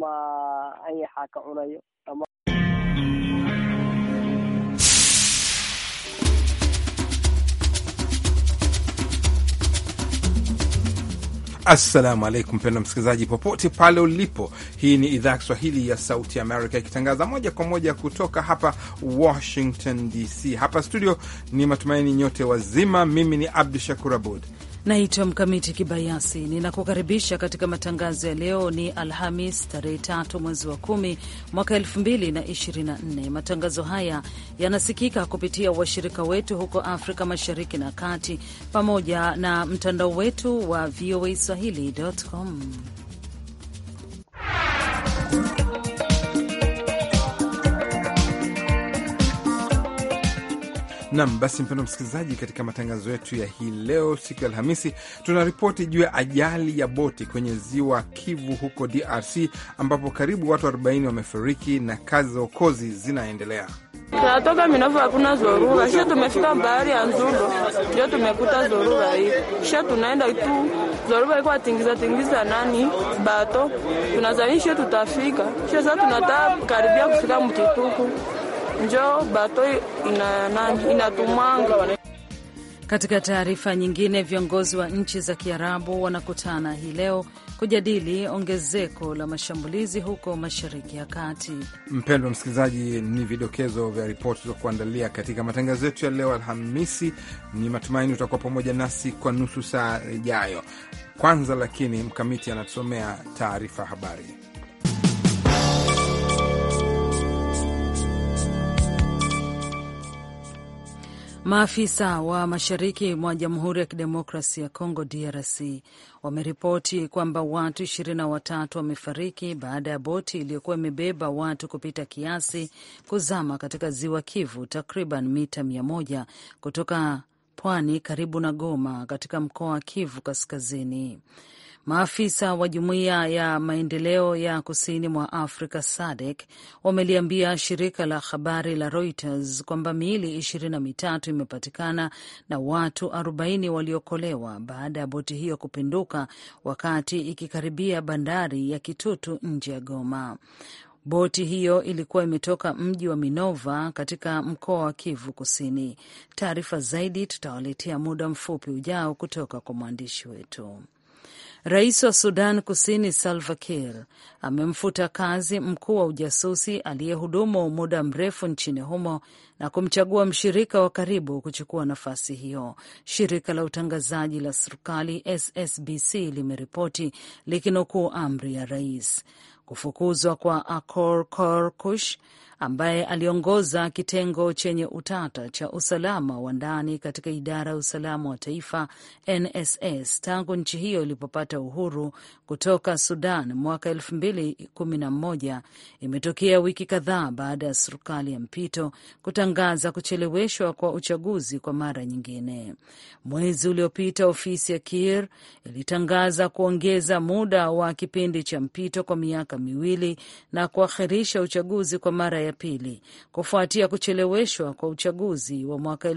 ama ka cunayo ama Assalamu alaikum, mpendwa msikilizaji, popote pale ulipo. Hii ni idhaa ya Kiswahili ya Sauti ya Amerika ikitangaza moja kwa moja kutoka hapa Washington DC. Hapa studio, ni matumaini nyote wazima. Mimi ni Abdu Shakur Abud Naitwa Mkamiti Kibayasi, ninakukaribisha katika matangazo ya leo. Ni Alhamis tarehe tatu mwezi wa kumi mwaka elfu mbili na ishirini na nne. Matangazo haya yanasikika kupitia washirika wetu huko Afrika Mashariki na Kati, pamoja na mtandao wetu wa VOA Swahili.com. Nam basi, mpendo msikilizaji, katika matangazo yetu ya hii leo, siku ya Alhamisi, tuna ripoti juu ya ajali ya boti kwenye ziwa Kivu huko DRC, ambapo karibu watu 40 wamefariki na kazi za uokozi zinaendelea. Tunatoka Minofu, hakuna zorura, shia tumefika bahari ya Nzulo, ndio tumekuta zorura hii, sha tunaenda tu zorura iko tingiza tingiza nani bato, tunazani tutafika, sha sasa tunataa karibia kufika mtituku njo bato inatumanga katika taarifa nyingine, viongozi wa nchi za Kiarabu wanakutana hii leo kujadili ongezeko la mashambulizi huko Mashariki ya Kati. Mpendwa msikilizaji, ni vidokezo vya ripoti za kuandalia katika matangazo yetu ya leo Alhamisi. Ni matumaini utakuwa pamoja nasi kwa nusu saa ijayo. Kwanza lakini, Mkamiti anatusomea taarifa habari. Maafisa wa mashariki mwa Jamhuri ya Kidemokrasi ya congo DRC wameripoti kwamba watu na watatu wamefariki baada ya boti iliyokuwa imebeba watu kupita kiasi kuzama katika ziwa Kivu takriban mita moja kutoka pwani karibu na Goma katika mkoa wa Kivu Kaskazini. Maafisa wa jumuiya ya maendeleo ya kusini mwa Afrika SADC wameliambia shirika la habari la Reuters kwamba miili ishirini na mitatu imepatikana na watu 40 waliokolewa baada ya boti hiyo kupinduka wakati ikikaribia bandari ya Kitutu nje ya Goma. Boti hiyo ilikuwa imetoka mji wa Minova katika mkoa wa Kivu Kusini. Taarifa zaidi tutawaletea muda mfupi ujao kutoka kwa mwandishi wetu. Rais wa Sudan Kusini Salva Kiir amemfuta kazi mkuu wa ujasusi aliyehudumu muda mrefu nchini humo na kumchagua mshirika wa karibu kuchukua nafasi hiyo, shirika la utangazaji la serikali SSBC limeripoti likinukuu amri ya rais. Kufukuzwa kwa Akor Kor Kush ambaye aliongoza kitengo chenye utata cha usalama wa ndani katika idara ya usalama wa taifa NSS tangu nchi hiyo ilipopata uhuru kutoka Sudan mwaka 2011 imetokea wiki kadhaa baada ya serikali ya mpito kutangaza kucheleweshwa kwa uchaguzi kwa mara nyingine. Mwezi uliopita ofisi ya Kiir ilitangaza kuongeza muda wa kipindi cha mpito kwa miaka miwili na kuakhirisha uchaguzi kwa mara ya ya pili kufuatia kucheleweshwa kwa uchaguzi wa mwaka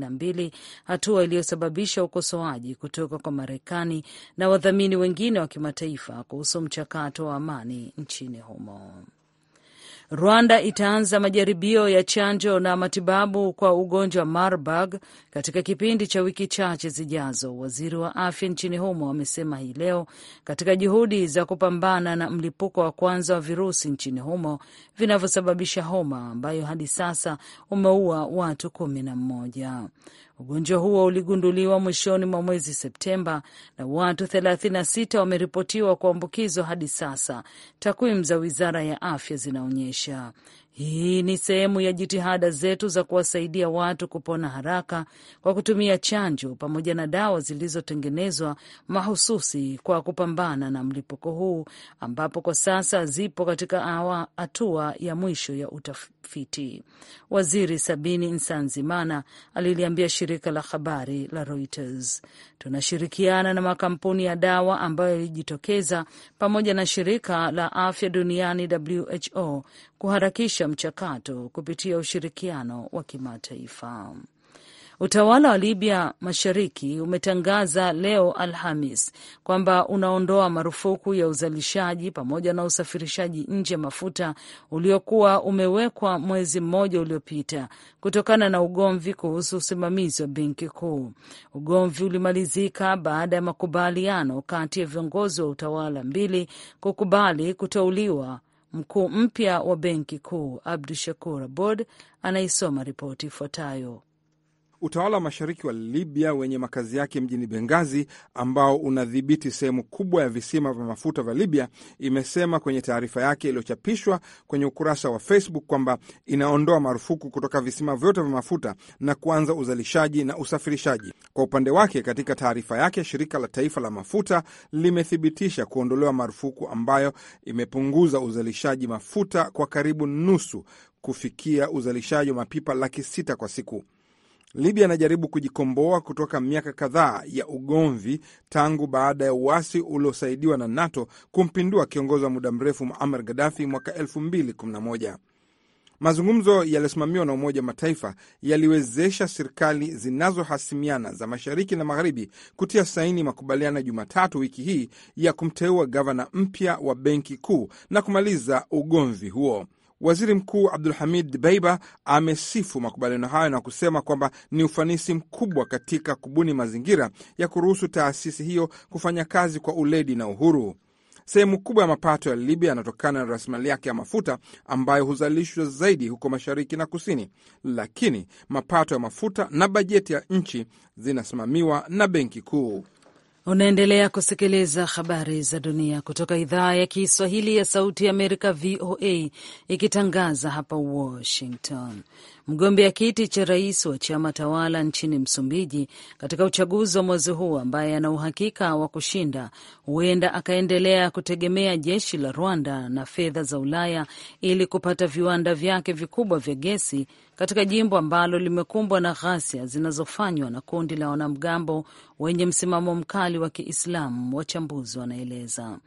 mbili, hatua iliyosababisha ukosoaji kutoka kwa Marekani na wadhamini wengine wa kimataifa kuhusu mchakato wa amani nchini humo. Rwanda itaanza majaribio ya chanjo na matibabu kwa ugonjwa Marburg katika kipindi cha wiki chache zijazo, waziri wa afya nchini humo amesema hii leo, katika juhudi za kupambana na mlipuko wa kwanza wa virusi nchini humo vinavyosababisha homa ambayo hadi sasa umeua watu kumi na mmoja. Ugonjwa huo uligunduliwa mwishoni mwa mwezi Septemba na watu 36 wameripotiwa kuambukizwa hadi sasa, takwimu za wizara ya afya zinaonyesha. Hii ni sehemu ya jitihada zetu za kuwasaidia watu kupona haraka kwa kutumia chanjo pamoja na dawa zilizotengenezwa mahususi kwa kupambana na mlipuko huu, ambapo kwa sasa zipo katika hatua ya mwisho ya utafiti. Waziri Sabini Nsanzimana aliliambia shirika la habari la Reuters, tunashirikiana na makampuni ya dawa ambayo yalijitokeza pamoja na shirika la afya duniani WHO kuharakisha mchakato kupitia ushirikiano wa kimataifa. Utawala wa Libya Mashariki umetangaza leo Alhamis kwamba unaondoa marufuku ya uzalishaji pamoja na usafirishaji nje ya mafuta uliokuwa umewekwa mwezi mmoja uliopita kutokana na ugomvi kuhusu usimamizi wa benki kuu. Ugomvi ulimalizika baada ya makubaliano kati ya viongozi wa utawala mbili kukubali kuteuliwa Mkuu mpya wa benki kuu Abdu Shakur Abod anaisoma ripoti ifuatayo. Utawala wa mashariki wa Libya wenye makazi yake mjini Bengazi, ambao unadhibiti sehemu kubwa ya visima vya mafuta vya Libya, imesema kwenye taarifa yake iliyochapishwa kwenye ukurasa wa Facebook kwamba inaondoa marufuku kutoka visima vyote vya mafuta na kuanza uzalishaji na usafirishaji. Kwa upande wake, katika taarifa yake, shirika la taifa la mafuta limethibitisha kuondolewa marufuku ambayo imepunguza uzalishaji mafuta kwa karibu nusu kufikia uzalishaji wa mapipa laki sita kwa siku. Libya inajaribu kujikomboa kutoka miaka kadhaa ya ugomvi tangu baada ya uasi uliosaidiwa na NATO kumpindua kiongozi wa muda mrefu Muammar Gaddafi mwaka 2011. Mazungumzo yaliyosimamiwa na Umoja wa Mataifa yaliwezesha serikali zinazohasimiana za mashariki na magharibi kutia saini makubaliano Jumatatu wiki hii ya kumteua gavana mpya wa benki kuu na kumaliza ugomvi huo. Waziri Mkuu abdul hamid Beiba amesifu makubaliano hayo na kusema kwamba ni ufanisi mkubwa katika kubuni mazingira ya kuruhusu taasisi hiyo kufanya kazi kwa uledi na uhuru. Sehemu kubwa ya mapato ya Libya yanatokana na rasilimali yake ya mafuta ambayo huzalishwa zaidi huko mashariki na kusini, lakini mapato ya mafuta na bajeti ya nchi zinasimamiwa na benki kuu. Unaendelea kusikiliza habari za dunia kutoka idhaa ya Kiswahili ya Sauti ya Amerika, VOA, ikitangaza hapa Washington. Mgombea kiti cha rais wa chama tawala nchini Msumbiji katika uchaguzi wa mwezi huu ambaye ana uhakika wa kushinda, huenda akaendelea kutegemea jeshi la Rwanda na fedha za Ulaya ili kupata viwanda vyake vikubwa vya gesi katika jimbo ambalo limekumbwa na ghasia zinazofanywa na kundi la wanamgambo wenye msimamo mkali wa Kiislamu, wachambuzi wanaeleza.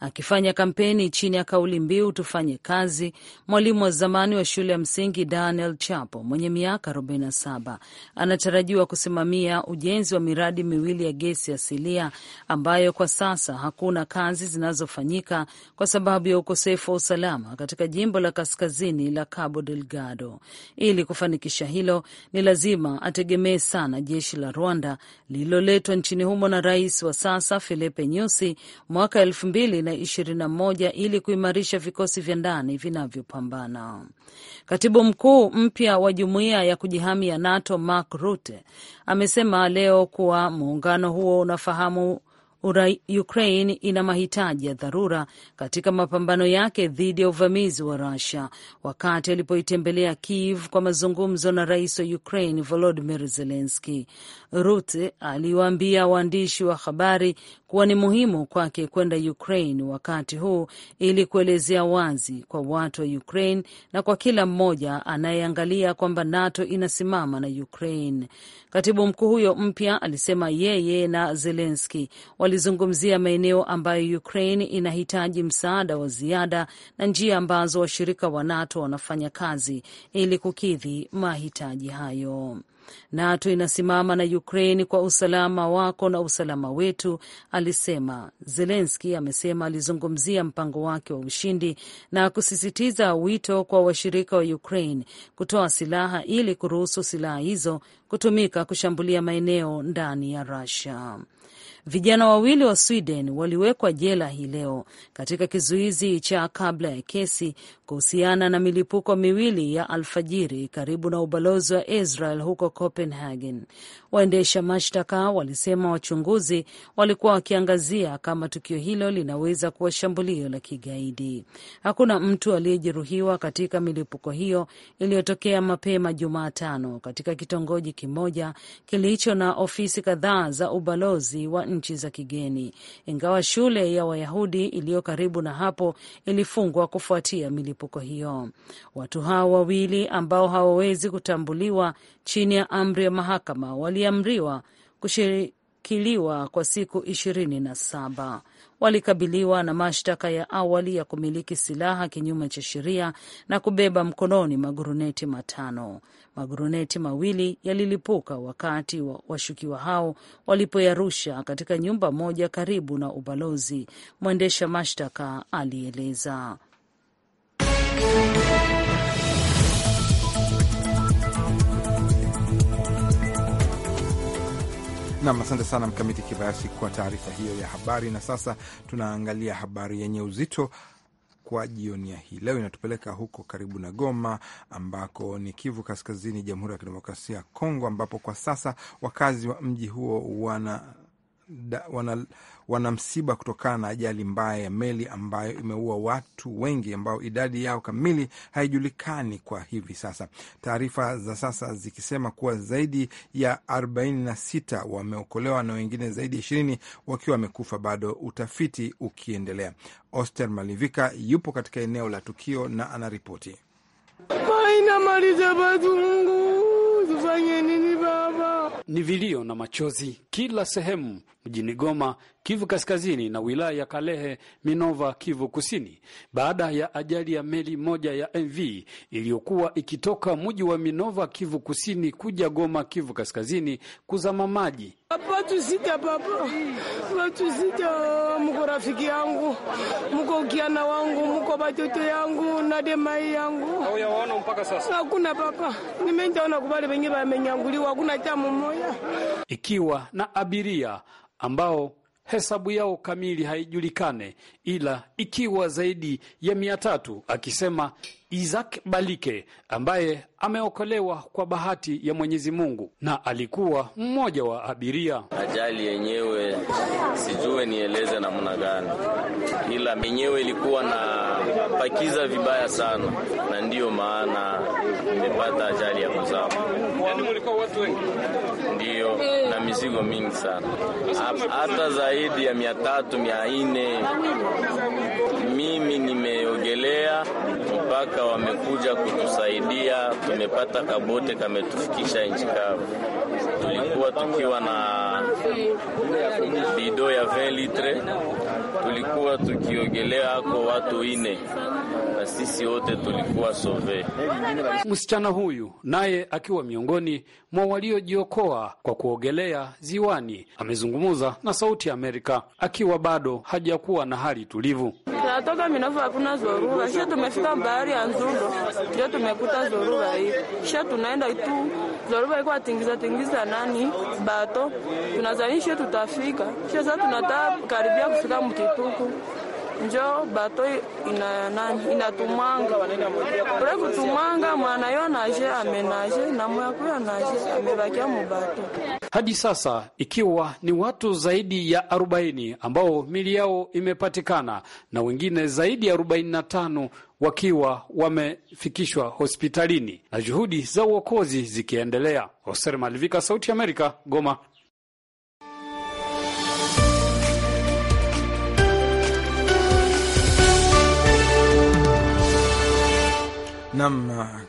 Akifanya kampeni chini ya kauli mbiu tufanye kazi, mwalimu wa zamani wa shule ya msingi Daniel Chapo mwenye miaka 47 anatarajiwa kusimamia ujenzi wa miradi miwili ya gesi asilia ambayo kwa sasa hakuna kazi zinazofanyika kwa sababu ya ukosefu wa usalama katika jimbo la kaskazini la Cabo Delgado ili ili kufanikisha hilo, ni lazima ategemee sana jeshi la Rwanda lililoletwa nchini humo na rais wa sasa Filipe Nyusi mwaka elfu mbili na ishirini na moja ili kuimarisha vikosi vya ndani vinavyopambana. Katibu mkuu mpya wa jumuiya ya kujihami ya NATO Mark Rutte amesema leo kuwa muungano huo unafahamu Ukraine ina mahitaji ya dharura katika mapambano yake dhidi ya uvamizi wa Russia, wakati alipoitembelea Kiev kwa mazungumzo na rais wa Ukraine Volodymyr Zelensky. Rutte aliwaambia waandishi wa habari kuwa ni muhimu kwake kwenda Ukraine wakati huu ili kuelezea wazi kwa watu wa Ukraine na kwa kila mmoja anayeangalia kwamba NATO inasimama na Ukraine. Katibu mkuu huyo mpya alisema yeye na Zelensky walizungumzia maeneo ambayo Ukraine inahitaji msaada wa ziada na njia ambazo washirika wa NATO wanafanya kazi ili kukidhi mahitaji hayo. NATO inasimama na Ukraine kwa usalama wako na usalama wetu, alisema Zelenski. Amesema alizungumzia mpango wake wa ushindi na kusisitiza wito kwa washirika wa Ukraine kutoa silaha ili kuruhusu silaha hizo kutumika kushambulia maeneo ndani ya Russia. Vijana wawili wa Sweden waliwekwa jela hii leo katika kizuizi cha kabla ya kesi kuhusiana na milipuko miwili ya alfajiri karibu na ubalozi wa Israel huko Copenhagen. Waendesha mashtaka walisema wachunguzi walikuwa wakiangazia kama tukio hilo linaweza kuwa shambulio la kigaidi. Hakuna mtu aliyejeruhiwa katika milipuko hiyo iliyotokea mapema Jumatano katika kitongoji kimoja kilicho na ofisi kadhaa za ubalozi wa nchi za kigeni, ingawa shule ya Wayahudi iliyo karibu na hapo ilifungwa kufuatia milipuko hiyo. Watu hao wawili ambao hawawezi kutambuliwa chini ya amri ya mahakama waliamriwa kushirikiliwa kwa siku ishirini na saba walikabiliwa na mashtaka ya awali ya kumiliki silaha kinyume cha sheria na kubeba mkononi maguruneti matano. Maguruneti mawili yalilipuka wakati wa washukiwa hao walipoyarusha katika nyumba moja karibu na ubalozi, mwendesha mashtaka alieleza. Nam, asante sana Mkamiti Kibayasi kwa taarifa hiyo ya habari. Na sasa tunaangalia habari yenye uzito kwa jioni ya hii leo inatupeleka huko karibu na Goma ambako ni Kivu Kaskazini, Jamhuri ya Kidemokrasia ya Kongo, ambapo kwa sasa wakazi wa mji huo wana wana, wana msiba kutokana na ajali mbaya ya meli ambayo imeua watu wengi ambao idadi yao kamili haijulikani kwa hivi sasa, taarifa za sasa zikisema kuwa zaidi ya 46 wameokolewa na wengine zaidi ya ishirini wakiwa wamekufa, bado utafiti ukiendelea. Oster Malivika yupo katika eneo la tukio na anaripoti. Baina Mungu tufanye nini ni vilio na machozi kila sehemu mjini Goma, Kivu Kaskazini na wilaya ya Kalehe Minova, Kivu Kusini, baada ya ajali ya meli moja ya MV iliyokuwa ikitoka mji wa Minova, Kivu Kusini, kuja Goma, Kivu Kaskazini, kuzama maji. Batu sita baba, batu sita, yangu mko ukiana wangu mko batoto yangu na demai yangu hauyaona mpaka sasa. Hakuna papa, nimenjaona kubali vengi vamenyanguliwa, hakuna tamu moya ikiwa na abiria ambao hesabu yao kamili haijulikane, ila ikiwa zaidi ya mia tatu, akisema Isaac Balike ambaye ameokolewa kwa bahati ya Mwenyezi Mungu na alikuwa mmoja wa abiria. Ajali yenyewe sijue nieleze namna gani, ila yenyewe ilikuwa na pakiza vibaya sana, na ndiyo maana imepata ajali ya kuzama. Yani mlikuwa watu wengi? Ndio, na mizigo mingi sana, hata zaidi ya mia tatu mia nne. Yaani Mimi nimeogelea mpaka wamekuja kutusaidia, tumepata kabote kametufikisha nchi kavu. Tulikuwa tukiwa na bido ya 20 litre, tulikuwa tukiogelea hako watu ine, na sisi wote tulikuwa sove. Msichana huyu naye akiwa miongoni mwa waliojiokoa kwa kuogelea ziwani, amezungumza na Sauti ya Amerika akiwa bado hajakuwa na hali tulivu tunatoka Minofu hakuna zorura, kisha tumefika bahari ya nzundo ndio tumekuta zorura hii, sha tunaenda tu zorura iko atingiza tingiza nani bato tunazanisha tutafika, kisha sasa tunataka karibia kufika mkituku njo bato ina nani inatumanga pre kutumanga mwana yo naje amenaje na mwakuya naje amebakia mubato. Hadi sasa ikiwa ni watu zaidi ya 40 ambao mili yao imepatikana na wengine zaidi ya 45 wakiwa wamefikishwa hospitalini na juhudi za uokozi zikiendelea. Hoser Malivika, Sauti Amerika, Goma. نعم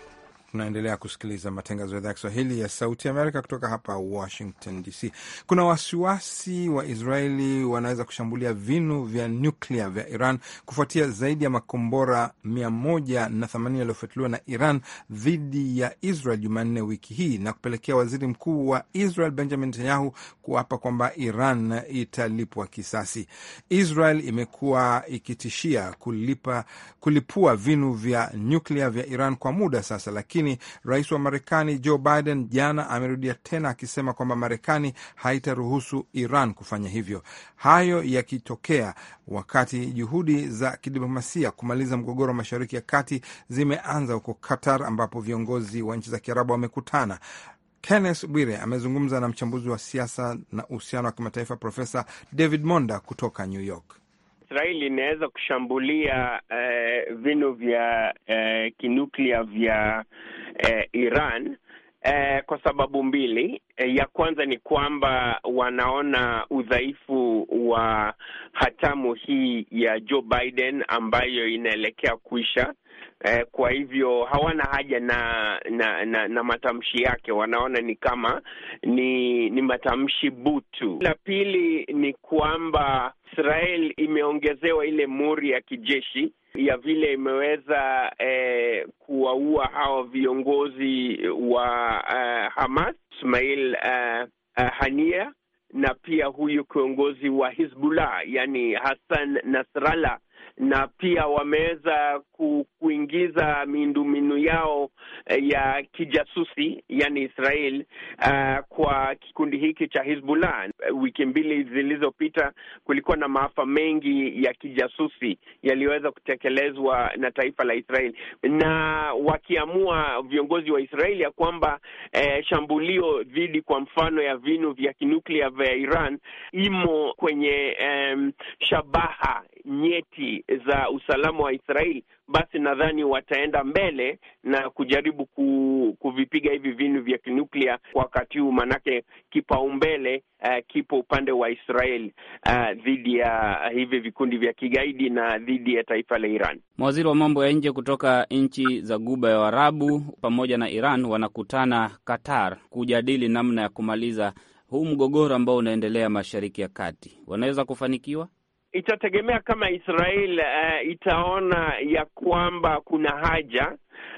Tunaendelea kusikiliza matangazo ya idhaa ya Kiswahili ya Sauti Amerika kutoka hapa Washington DC. Kuna wasiwasi wa Israeli wanaweza kushambulia vinu vya nyuklia vya Iran kufuatia zaidi ya makombora 180 yaliyofuatiliwa na Iran dhidi ya Israel Jumanne wiki hii na kupelekea waziri mkuu wa Israel Benjamin Netanyahu kuapa kwamba Iran italipwa kisasi. Israel imekuwa ikitishia kulipa, kulipua vinu vya nyuklia vya Iran kwa muda sasa, lakini lakini rais wa Marekani Joe Biden jana amerudia tena akisema kwamba Marekani haitaruhusu Iran kufanya hivyo. Hayo yakitokea wakati juhudi za kidiplomasia kumaliza mgogoro wa Mashariki ya Kati zimeanza huko Qatar, ambapo viongozi wa nchi za Kiarabu wamekutana. Kenneth Bwire amezungumza na mchambuzi wa siasa na uhusiano wa kimataifa Profesa David Monda kutoka New York. Israeli inaweza kushambulia eh, vinu vya eh, kinuklia vya eh, Iran eh, kwa sababu mbili. Eh, ya kwanza ni kwamba wanaona udhaifu wa hatamu hii ya Joe Biden ambayo inaelekea kuisha eh, kwa hivyo hawana haja na na, na, na matamshi yake, wanaona ni kama ni ni matamshi butu. La pili ni kwamba Israel imeongezewa ile muri ya kijeshi ya vile imeweza eh, kuwaua hawa viongozi wa uh, Hamas Ismail uh, eh, uh, eh, Hania na pia huyu kiongozi wa Hizbullah yani Hassan Nasrallah na pia wameweza ku, kuingiza miundombinu yao eh, ya kijasusi yani Israel uh, kwa kikundi hiki cha Hizbullah. Wiki mbili zilizopita kulikuwa na maafa mengi ya kijasusi yaliyoweza kutekelezwa na taifa la Israel, na wakiamua viongozi wa Israeli ya kwamba eh, shambulio dhidi kwa mfano ya vinu vya kinuklia vya Iran imo kwenye eh, shabaha nyeti za usalama wa Israeli, basi nadhani wataenda mbele na kujaribu ku, kuvipiga hivi vinu vya kinuklia kwa wakati huu, maanake kipaumbele uh, kipo upande wa Israeli uh, eh, dhidi ya hivi vikundi vya kigaidi na dhidi ya taifa la Iran. Mawaziri wa mambo ya nje kutoka nchi za Guba ya Uarabu pamoja na Iran wanakutana Qatar kujadili namna ya kumaliza huu mgogoro ambao unaendelea Mashariki ya Kati. Wanaweza kufanikiwa? itategemea kama Israel uh, itaona ya kwamba kuna haja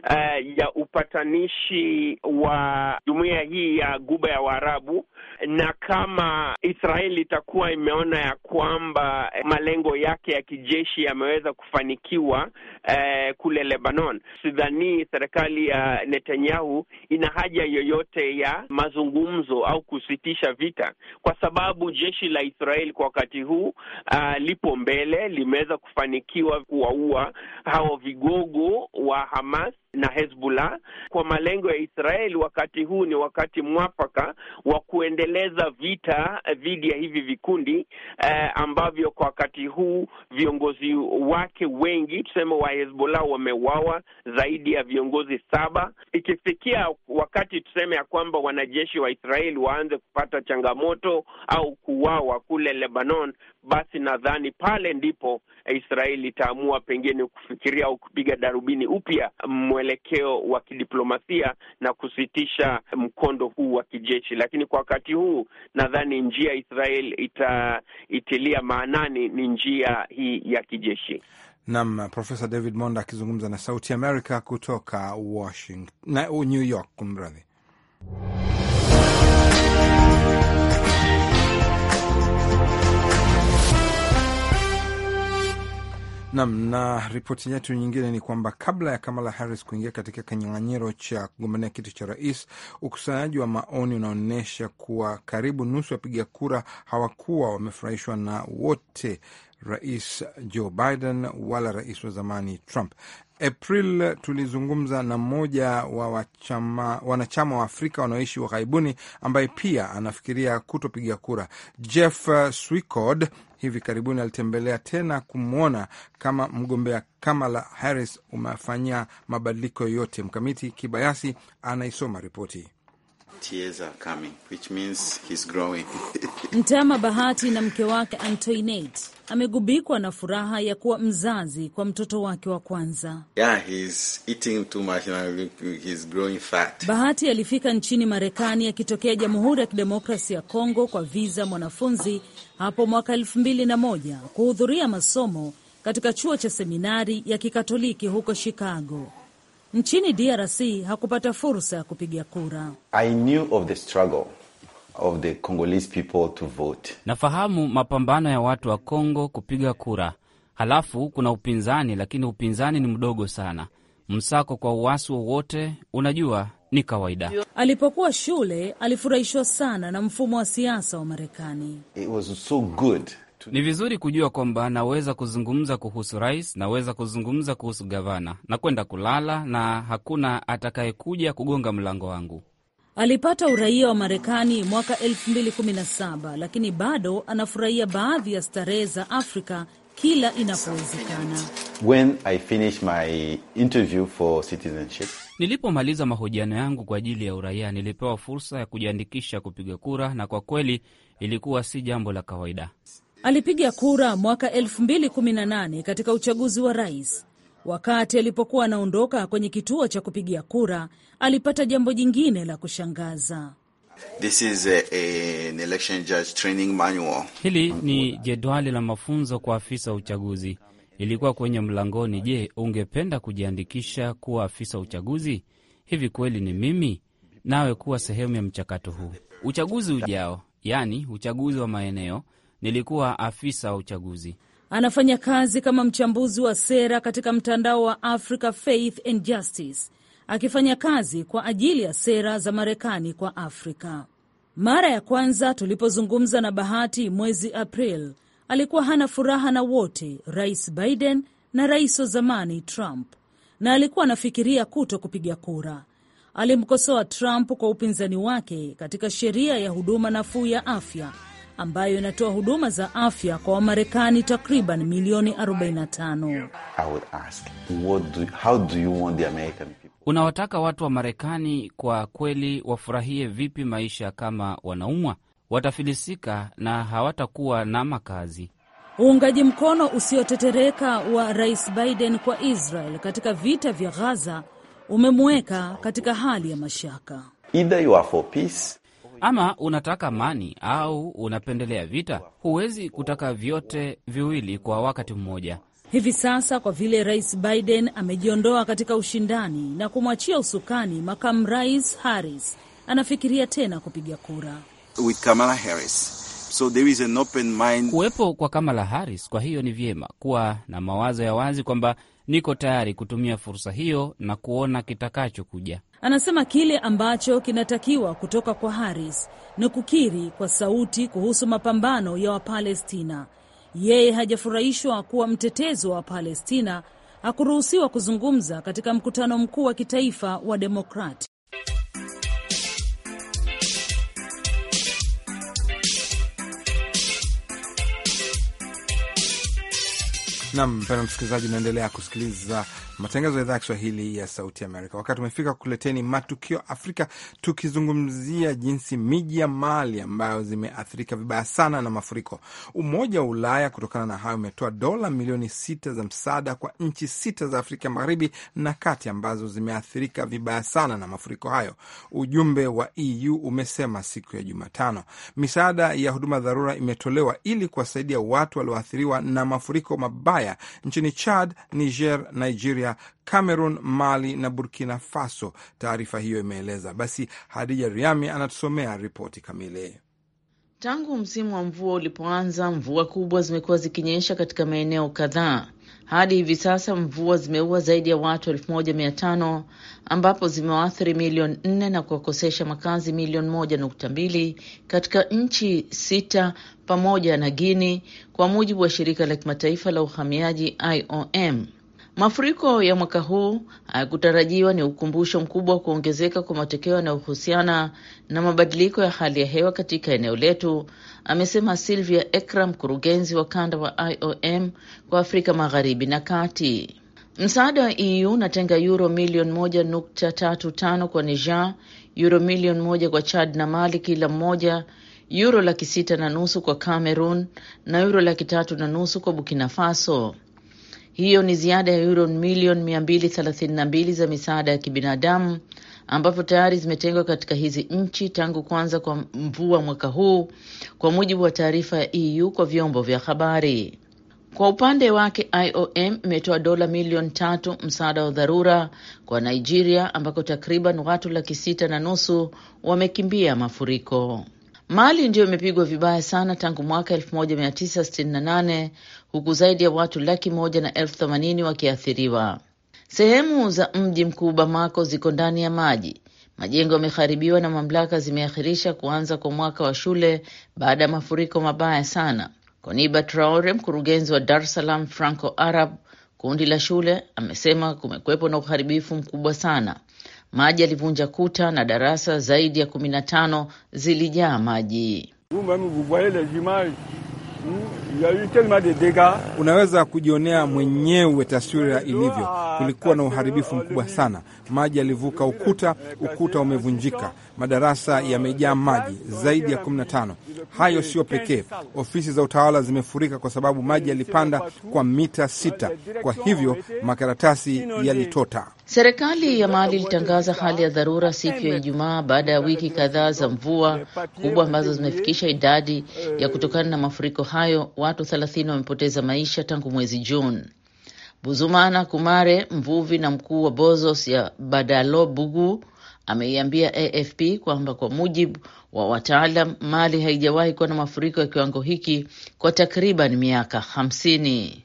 uh, ya upatanishi wa jumuiya hii ya guba ya Waarabu, na kama Israeli itakuwa imeona ya kwamba malengo yake ya kijeshi yameweza kufanikiwa uh, kule Lebanon, sidhani serikali ya Netanyahu ina haja yoyote ya mazungumzo au kusitisha vita, kwa sababu jeshi la Israeli kwa wakati huu uh, lipo mbele, limeweza kufanikiwa kuwaua hao vigogo wa Hamas na Hezbollah kwa malengo ya Israeli. Wakati huu ni wakati mwafaka wa kuendeleza vita dhidi ya hivi vikundi eh, ambavyo kwa wakati huu viongozi wake wengi tuseme wa Hezbollah wamewawa zaidi ya viongozi saba. Ikifikia wakati tuseme ya kwamba wanajeshi wa Israeli waanze kupata changamoto au kuwawa kule Lebanon, basi nadhani pale ndipo eh, Israeli itaamua pengine kufikiria au kupiga darubini upya mwelekeo wa kidiplomasia na kusitisha mkondo huu wa kijeshi. Lakini kwa wakati huu nadhani njia israel itaitilia maanani ni njia hii ya kijeshi. Nam Profesa David Monda akizungumza na Sauti Amerika kutoka Washington, New York. Kumradhi. Nam na, na ripoti yetu nyingine ni kwamba kabla ya Kamala Harris kuingia katika kinyang'anyiro cha kugombania kiti cha rais, ukusanyaji wa maoni unaonyesha kuwa karibu nusu ya wapiga kura hawakuwa wamefurahishwa na wote Rais Joe Biden wala rais wa zamani Trump. April tulizungumza na mmoja wa wanachama wa Afrika wanaoishi ughaibuni ambaye pia anafikiria kutopiga kura, Jeff Swicord hivi karibuni alitembelea tena kumwona kama mgombea Kamala Harris umefanyia mabadiliko yoyote. Mkamiti Kibayasi anaisoma ripoti. Mtama Bahati na mke wake Antoinette amegubikwa na furaha ya kuwa mzazi kwa mtoto wake wa kwanza. Yeah, he's eating too much. He's growing fat. Bahati alifika nchini Marekani akitokea Jamhuri ya Kidemokrasi ya Kongo kwa viza mwanafunzi hapo mwaka elfu mbili na moja kuhudhuria masomo katika chuo cha seminari ya Kikatoliki huko Chicago. Nchini DRC hakupata fursa ya kupiga kura. I knew of the struggle of the Congolese people to vote. Nafahamu mapambano ya watu wa Kongo kupiga kura, halafu kuna upinzani, lakini upinzani ni mdogo sana. Msako kwa uasi wowote, unajua ni kawaida. Alipokuwa shule alifurahishwa sana na mfumo wa siasa wa Marekani. It was so good. Ni vizuri kujua kwamba naweza kuzungumza kuhusu rais, naweza kuzungumza kuhusu gavana na kwenda kulala, na hakuna atakayekuja kugonga mlango wangu. Alipata uraia wa Marekani mwaka 2017 lakini bado anafurahia baadhi ya starehe za Afrika kila inapowezekana. When I finish my interview for citizenship, nilipomaliza mahojiano yangu kwa ajili ya uraia nilipewa fursa ya kujiandikisha kupiga kura, na kwa kweli ilikuwa si jambo la kawaida. Alipiga kura mwaka 2018 katika uchaguzi wa rais Wakati alipokuwa anaondoka kwenye kituo cha kupigia kura, alipata jambo jingine la kushangaza. This is a, an election judge training manual. Hili ni jedwali la mafunzo kwa afisa uchaguzi, ilikuwa kwenye mlangoni. Je, ungependa kujiandikisha kuwa afisa uchaguzi? Hivi kweli ni mimi nawe kuwa sehemu ya mchakato huu uchaguzi ujao, yaani uchaguzi wa maeneo. Nilikuwa afisa wa uchaguzi. Anafanya kazi kama mchambuzi wa sera katika mtandao wa Africa Faith and Justice, akifanya kazi kwa ajili ya sera za Marekani kwa Afrika. Mara ya kwanza tulipozungumza na Bahati mwezi April, alikuwa hana furaha na wote, Rais Biden na rais wa zamani Trump, na alikuwa anafikiria kuto kupiga kura. Alimkosoa Trump kwa upinzani wake katika sheria ya huduma nafuu ya afya ambayo inatoa huduma za afya kwa Wamarekani takriban milioni 45. Unawataka watu wa Marekani kwa kweli wafurahie vipi maisha kama wanaumwa? Watafilisika na hawatakuwa na makazi. Uungaji mkono usiotetereka wa Rais Biden kwa Israel katika vita vya Gaza umemweka katika hali ya mashaka. Either you are for peace ama unataka amani au unapendelea vita. Huwezi kutaka vyote viwili kwa wakati mmoja. Hivi sasa kwa vile Rais Biden amejiondoa katika ushindani na kumwachia usukani makamu rais Harris, anafikiria tena kupiga kura With Kamala Harris. So there is an open mind. Kuwepo kwa Kamala Harris, kwa hiyo ni vyema kuwa na mawazo ya wazi kwamba niko tayari kutumia fursa hiyo na kuona kitakachokuja. Anasema kile ambacho kinatakiwa kutoka kwa Harris ni kukiri kwa sauti kuhusu mapambano ya Wapalestina. Yeye hajafurahishwa kuwa mtetezi wa Wapalestina. Hakuruhusiwa kuzungumza katika mkutano mkuu wa kitaifa wa Demokrati. Nam, mpendwa msikilizaji, unaendelea kusikiliza Matangazo ya idhaa ya Kiswahili ya Sauti Amerika. Wakati umefika kuleteni matukio Afrika, tukizungumzia jinsi miji ya Mali ambayo zimeathirika vibaya sana na mafuriko. Umoja wa Ulaya kutokana na hayo umetoa dola milioni sita za msaada kwa nchi sita za Afrika magharibi na kati ambazo zimeathirika vibaya sana na mafuriko hayo. Ujumbe wa EU umesema siku ya Jumatano misaada ya huduma dharura imetolewa ili kuwasaidia watu walioathiriwa na mafuriko mabaya nchini Chad, Niger, Nigeria Nigeria, Cameroon, Mali na Burkina Faso, taarifa hiyo imeeleza. Basi Hadija Riami anatusomea ripoti kamili. Tangu msimu wa mvua ulipoanza, mvua kubwa zimekuwa zikinyesha katika maeneo kadhaa. Hadi hivi sasa mvua zimeua zaidi ya watu tano ambapo zimewaathiri milioni 4 na kuwakosesha makazi milioni moja mbili katika nchi sita pamoja na Guini, kwa mujibu wa shirika la kimataifa la uhamiaji IOM. Mafuriko ya mwaka huu hayakutarajiwa eh, ni ukumbusho mkubwa wa kuongezeka kwa matokeo yanayohusiana na mabadiliko ya hali ya hewa katika eneo letu, amesema sylvia Ekram, mkurugenzi wa kanda wa IOM kwa Afrika Magharibi na Kati. Msaada wa EU unatenga euro milioni moja nukta tatu tano kwa Niger, euro milioni moja kwa Chad na Mali kila mmoja, euro laki sita na nusu kwa Cameroon na euro laki tatu na nusu kwa Burkina Faso. Hiyo ni ziada ya euro milioni 232 za misaada ya kibinadamu ambapo tayari zimetengwa katika hizi nchi tangu kwanza kwa mvua mwaka huu, kwa mujibu wa taarifa ya EU kwa vyombo vya habari. Kwa upande wake IOM imetoa dola milioni tatu msaada wa dharura kwa Nigeria ambako takriban watu laki sita na nusu wamekimbia mafuriko. Mali ndiyo imepigwa vibaya sana tangu mwaka 1968 huku zaidi ya watu laki moja na elfu themanini wakiathiriwa. Sehemu za mji mkuu Bamako ziko ndani ya maji, majengo yameharibiwa na mamlaka zimeahirisha kuanza kwa mwaka wa shule baada ya mafuriko mabaya sana. Koniba Traore, mkurugenzi wa Dar es Salaam Franco Arab kundi la shule, amesema kumekwepo na uharibifu mkubwa sana. Maji yalivunja kuta na darasa zaidi ya kumi na tano zilijaa maji. Mm, Unaweza kujionea mwenyewe taswira ilivyo. Ah, Kulikuwa na uharibifu mkubwa sana, maji yalivuka ukuta, ukuta umevunjika, madarasa yamejaa maji zaidi ya 15. Hayo sio pekee, ofisi za utawala zimefurika kwa sababu maji yalipanda kwa mita sita, kwa hivyo makaratasi yalitota. Serikali ya Mali ilitangaza hali ya dharura siku ya Ijumaa baada ya wiki kadhaa za mvua kubwa ambazo zimefikisha idadi ya kutokana na mafuriko hayo watu 30 wamepoteza maisha tangu mwezi Juni. Buzumana Kumare, mvuvi na mkuu wa Bozos ya Badalobugu ameiambia AFP kwamba kwa mujibu wa wataalam, Mali haijawahi kuwa na mafuriko ya kiwango hiki kwa takriban miaka hamsini.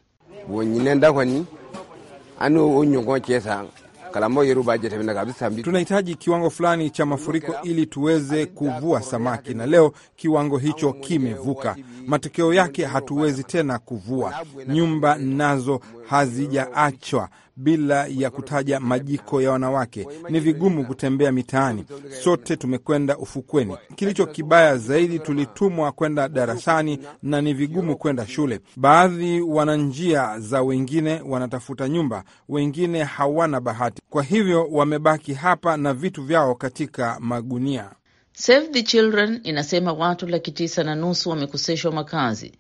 Tunahitaji kiwango fulani cha mafuriko ili tuweze kuvua samaki, na leo kiwango hicho kimevuka. Matokeo yake hatuwezi tena kuvua, nyumba nazo hazijaachwa bila ya kutaja majiko ya wanawake. Ni vigumu kutembea mitaani, sote tumekwenda ufukweni. Kilicho kibaya zaidi, tulitumwa kwenda darasani na ni vigumu kwenda shule. Baadhi wana njia za, wengine wanatafuta nyumba, wengine hawana bahati, kwa hivyo wamebaki hapa na vitu vyao katika magunia. Save the Children inasema watu laki tisa na nusu wamekoseshwa makazi,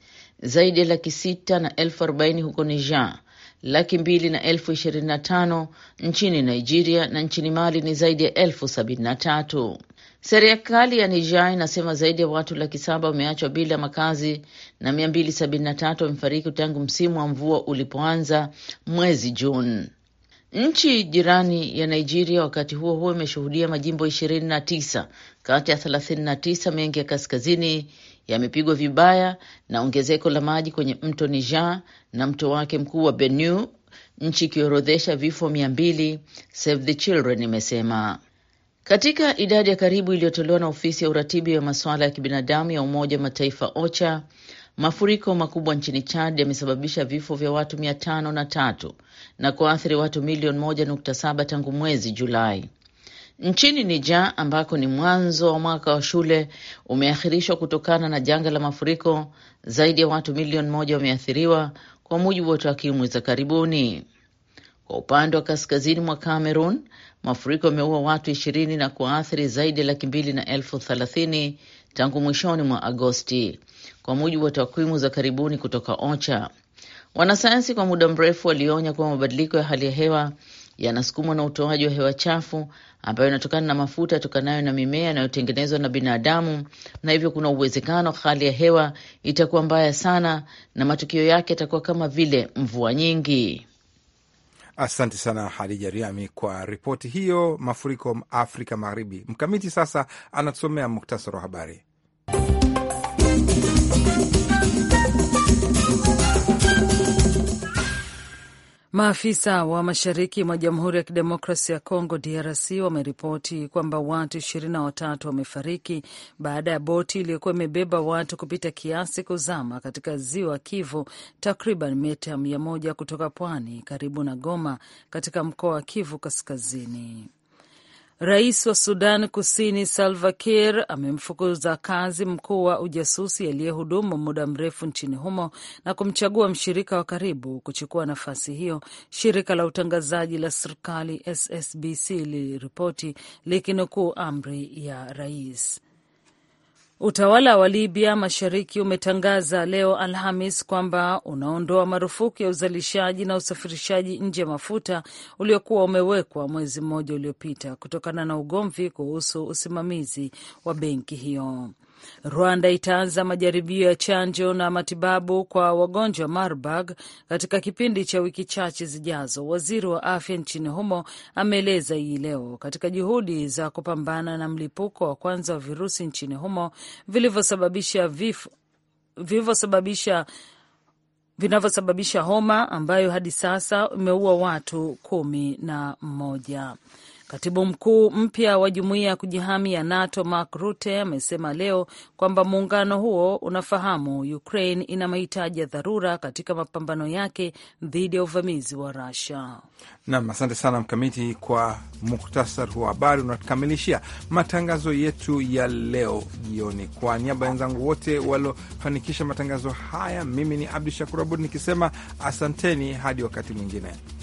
zaidi ya laki sita na elfu arobaini huko Niger laki mbili na elfu ishirini na tano nchini Nigeria na nchini Mali ni zaidi ya elfu sabini na tatu. Serikali ya Niger inasema zaidi ya watu laki saba wameachwa bila makazi na mia mbili sabini na tatu wamefariki tangu msimu wa mvua ulipoanza mwezi Juni. Nchi jirani ya Nigeria wakati huo huo imeshuhudia majimbo ishirini na tisa kati ya thelathini na tisa mengi ya kaskazini yamepigwa vibaya na ongezeko la maji kwenye mto Niger na mto wake mkuu wa Benue, nchi ikiorodhesha vifo mia mbili, Save the Children imesema. Katika idadi ya karibu iliyotolewa na ofisi ya uratibu wa masuala ya kibinadamu ya Umoja wa Mataifa OCHA, mafuriko makubwa nchini Chad yamesababisha vifo vya watu mia tano na tatu na kuathiri watu milioni moja nukta saba tangu mwezi Julai. Nchini nija ambako ni mwanzo wa mwaka wa shule umeahirishwa kutokana na janga la mafuriko. Zaidi ya watu milioni moja wameathiriwa kwa mujibu wa takwimu za karibuni. Kwa upande wa kaskazini mwa Cameroon, mafuriko yameua watu ishirini na kuathiri zaidi ya laki mbili na elfu thelathini tangu mwishoni mwa Agosti, kwa mujibu wa takwimu za karibuni kutoka OCHA. Wanasayansi kwa muda mrefu walionya kuwa mabadiliko ya hali ya hewa yanasukumwa na utoaji wa hewa chafu ambayo inatokana na mafuta yatokanayo na mimea yanayotengenezwa na binadamu, na hivyo kuna uwezekano hali ya hewa itakuwa mbaya sana, na matukio yake yatakuwa kama vile mvua nyingi. Asante sana Hadija Riami kwa ripoti hiyo, mafuriko Afrika Magharibi. Mkamiti sasa anatusomea muktasari wa habari. Maafisa wa mashariki mwa Jamhuri ya Kidemokrasi ya Kongo, DRC, wameripoti kwamba watu ishirini na watatu wamefariki baada ya boti iliyokuwa imebeba watu kupita kiasi kuzama katika ziwa Kivu, takriban mita mia moja kutoka pwani karibu na Goma katika mkoa wa Kivu Kaskazini. Rais wa Sudan Kusini Salva Kiir amemfukuza kazi mkuu wa ujasusi aliyehudumu muda mrefu nchini humo na kumchagua mshirika wa karibu kuchukua nafasi hiyo, shirika la utangazaji la serikali SSBC liliripoti likinukuu amri ya rais. Utawala wa Libya Mashariki umetangaza leo Alhamis kwamba unaondoa marufuku ya uzalishaji na usafirishaji nje ya mafuta uliokuwa umewekwa mwezi mmoja uliopita kutokana na ugomvi kuhusu usimamizi wa benki hiyo. Rwanda itaanza majaribio ya chanjo na matibabu kwa wagonjwa Marburg katika kipindi cha wiki chache zijazo, waziri wa afya nchini humo ameeleza hii leo, katika juhudi za kupambana na mlipuko wa kwanza wa virusi nchini humo vilivyosababisha vifo vilivyosababisha vinavyosababisha homa ambayo hadi sasa imeua watu kumi na mmoja. Katibu mkuu mpya wa jumuiya ya kujihami ya NATO Mark Rutte amesema leo kwamba muungano huo unafahamu Ukraine ina mahitaji ya dharura katika mapambano yake dhidi ya uvamizi wa Rusia. Nam, asante sana Mkamiti kwa muktasar wa habari. Unakamilishia matangazo yetu ya leo jioni. Kwa niaba ya wenzangu wote waliofanikisha matangazo haya, mimi ni Abdu Shakur Abud nikisema asanteni hadi wakati mwingine.